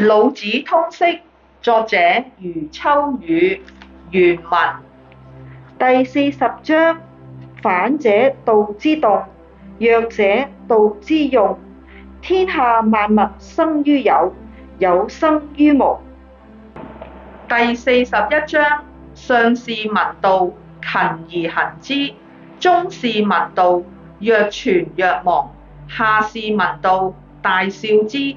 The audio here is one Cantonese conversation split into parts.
老子通識，作者余秋雨，原文第四十章：反者道之動，弱者道之用。天下萬物生於有，有生於無。第四十一章：上士聞道，勤而行之；中士聞道，若存若亡；下士聞道，大笑之。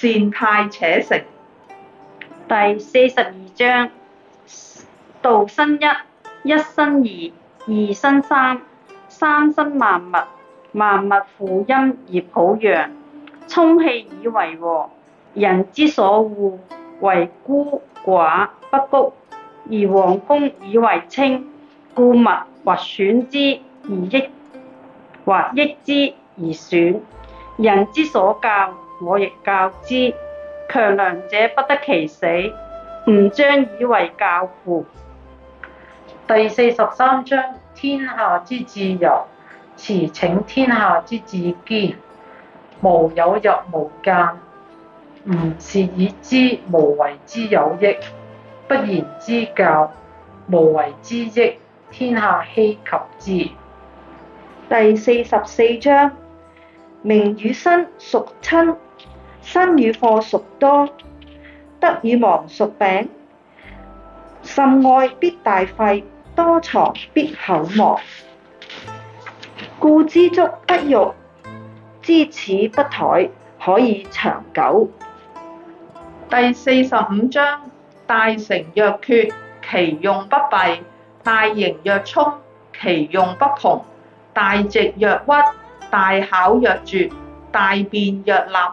善太且成。第四十二章，道生一，一生二，二生三，三生萬物。萬物負陰而抱陽，充氣以為和。人之所惡，為孤寡不谷，而王公以為稱，故物或損之而益，或益之而損。人之所教我亦教之，強梁者不得其死。吾將以為教父。第四十三章：天下之至柔，馳騁天下之至堅。無有入無間，吾是以知無為之有益。不言之教，無為之益，天下希及之。第四十四章：名與身孰親？身與貨孰多？得與亡孰病？甚愛必大費，多藏必厚亡。故知足不辱，知此不殆，可以長久。第四十五章：大成若缺，其用不弊；大盈若沖，其用不窮；大直若屈，大巧若拙，大辯若訥。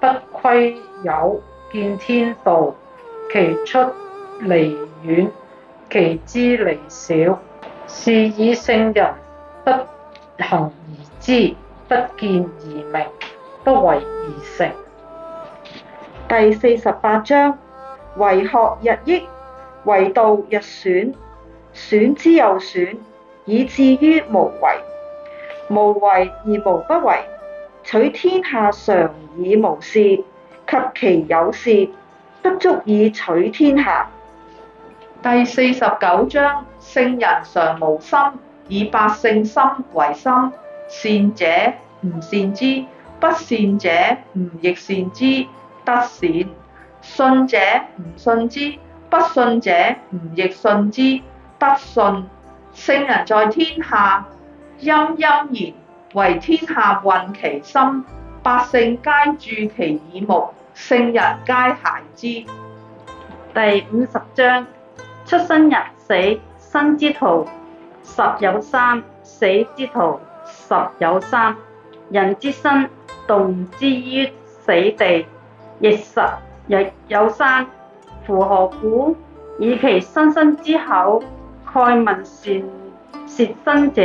不窺牖見天道，其出彌遠，其知彌少，是以聖人不行而知，不見而明，不為而成。第四十八章：為學日益，為道日損，損之又損，以至於無為。無為而無不為。取天下常以無事，及其有事，不足以取天下。第四十九章：聖人常無心，以百姓心為心。善者，吾善之；不善者，吾亦善之。德善。信者，吾信之；不信者，吾亦信之。德信。聖人在天下，陰陰然。為天下渾其心，百姓皆注其耳目，聖人皆孩之。第五十章：出生入死，生之徒十有三，死之徒十有三。人之生，動之於死地，亦十亦有三。夫何故？以其生生之厚，蓋聞善攝生者。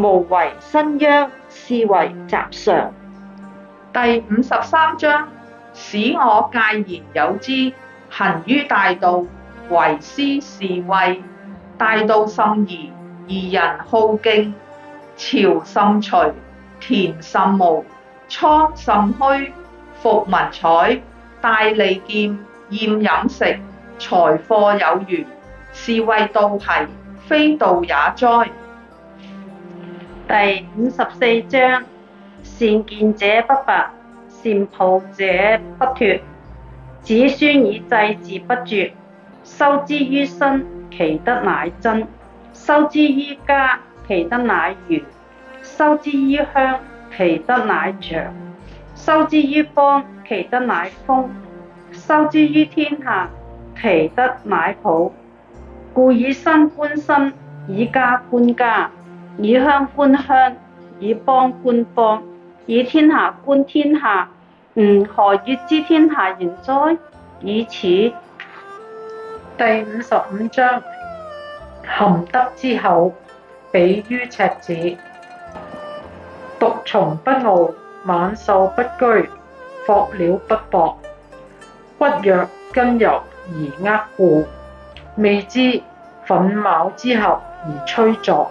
無為身殃，是為習常。第五十三章：使我介然有之，行於大道，為師是謂。大道甚夷，而人好徑。朝甚除，田甚蕪，倉甚虛，服文采，大利劍，厭飲食，財貨有餘，是謂道跖，非道也哉！第五十四章：善建者不拔，善抱者不脱，子孫以祭祀不絕。修之於身，其德乃真；修之於家，其德乃餘；修之於鄉，其德乃長；修之於邦，其德乃豐；修之於天下，其德乃普。故以身觀身，以家觀家。以鄉觀鄉，以邦觀邦，以天下觀天下。吾何以知天下然哉？以此。第五十五章：含德之後，比於赤子。獨松不傲，猛獸不居，鶴鳥不搏。骨弱筋柔而握固，未知粉卯之後而摧作。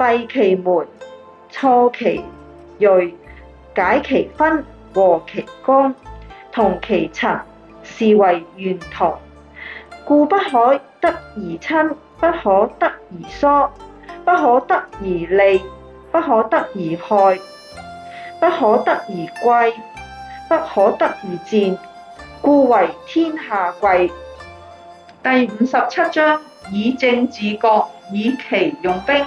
閉其門，挫其銳，解其分，和其光，同其塵，是為玄同。故不可得而親，不可得而疏，不可得而利，不可得而害，不可得而貴，不可得而賤，故為天下貴。第五十七章：以正治國，以奇用兵。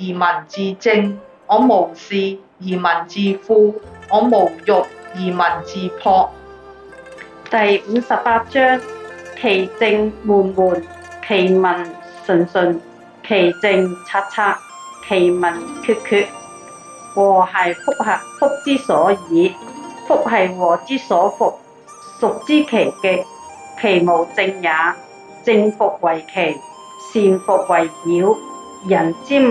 而民自正，我無事；而民自富，我無欲；而民自樸。第五十八章：其政悶悶，其民淳淳；其政察察，其民缺缺。禍兮福之所倚；福兮禍之所伏。孰知其極？其無正也。正復為奇，善復為妖。人之迷。